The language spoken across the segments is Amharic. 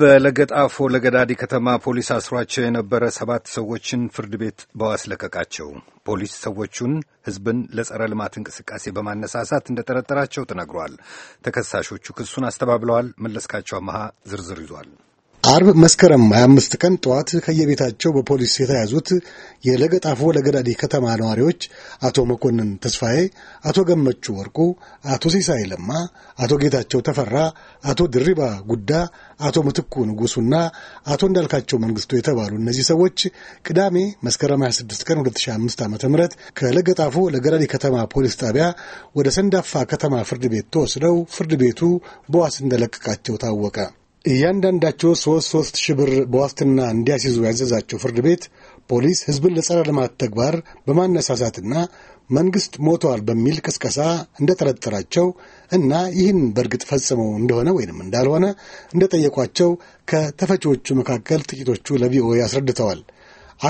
በለገጣፎ ለገዳዲ ከተማ ፖሊስ አስሯቸው የነበረ ሰባት ሰዎችን ፍርድ ቤት በዋስ ለቀቃቸው። ፖሊስ ሰዎቹን ሕዝብን ለጸረ ልማት እንቅስቃሴ በማነሳሳት እንደጠረጠራቸው ተነግሯል። ተከሳሾቹ ክሱን አስተባብለዋል። መለስካቸው አመሃ ዝርዝር ይዟል። አርብ መስከረም 25 ቀን ጠዋት ከየቤታቸው በፖሊስ የተያዙት የለገጣፎ ለገዳዲ ከተማ ነዋሪዎች አቶ መኮንን ተስፋዬ፣ አቶ ገመቹ ወርቁ፣ አቶ ሲሳይ ለማ፣ አቶ ጌታቸው ተፈራ፣ አቶ ድሪባ ጉዳ፣ አቶ ምትኩ ንጉሱና አቶ እንዳልካቸው መንግስቱ የተባሉ እነዚህ ሰዎች ቅዳሜ መስከረም 26 ቀን 2005 ዓ ም ከለገጣፎ ለገዳዲ ከተማ ፖሊስ ጣቢያ ወደ ሰንዳፋ ከተማ ፍርድ ቤት ተወስደው ፍርድ ቤቱ በዋስ እንደለቀቃቸው ታወቀ። እያንዳንዳቸው ሶስት ሶስት ሺህ ብር በዋስትና እንዲያስይዙ ያዘዛቸው ፍርድ ቤት ፖሊስ ህዝብን ለጸረ ልማት ተግባር በማነሳሳትና መንግሥት ሞተዋል በሚል ቅስቀሳ እንደጠረጠራቸው እና ይህን በእርግጥ ፈጽመው እንደሆነ ወይንም እንዳልሆነ እንደጠየቋቸው ከተፈቺዎቹ መካከል ጥቂቶቹ ለቪኦኤ አስረድተዋል።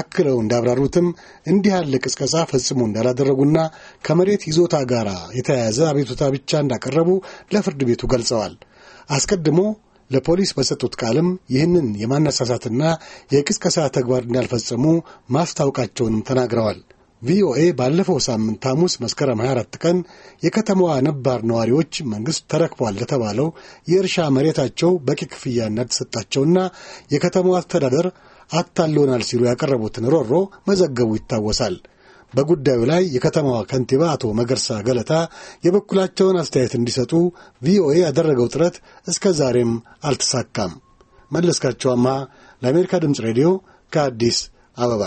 አክለው እንዳብራሩትም እንዲህ ያለ ቅስቀሳ ፈጽሞ እንዳላደረጉና ከመሬት ይዞታ ጋር የተያያዘ አቤቱታ ብቻ እንዳቀረቡ ለፍርድ ቤቱ ገልጸዋል። አስቀድሞ ለፖሊስ በሰጡት ቃልም ይህንን የማነሳሳትና የቅስቀሳ ተግባር እንዳልፈጸሙ ማስታወቃቸውንም ተናግረዋል። ቪኦኤ ባለፈው ሳምንት ሐሙስ መስከረም 24 ቀን የከተማዋ ነባር ነዋሪዎች መንግሥት ተረክቧል ለተባለው የእርሻ መሬታቸው በቂ ክፍያ እንዳልተሰጣቸውና የከተማዋ አስተዳደር አታሎናል ሲሉ ያቀረቡትን ሮሮ መዘገቡ ይታወሳል። በጉዳዩ ላይ የከተማዋ ከንቲባ አቶ መገርሳ ገለታ የበኩላቸውን አስተያየት እንዲሰጡ ቪኦኤ ያደረገው ጥረት እስከ ዛሬም አልተሳካም። መለስካቸው ለአሜሪካ ድምፅ ሬዲዮ ከአዲስ አበባ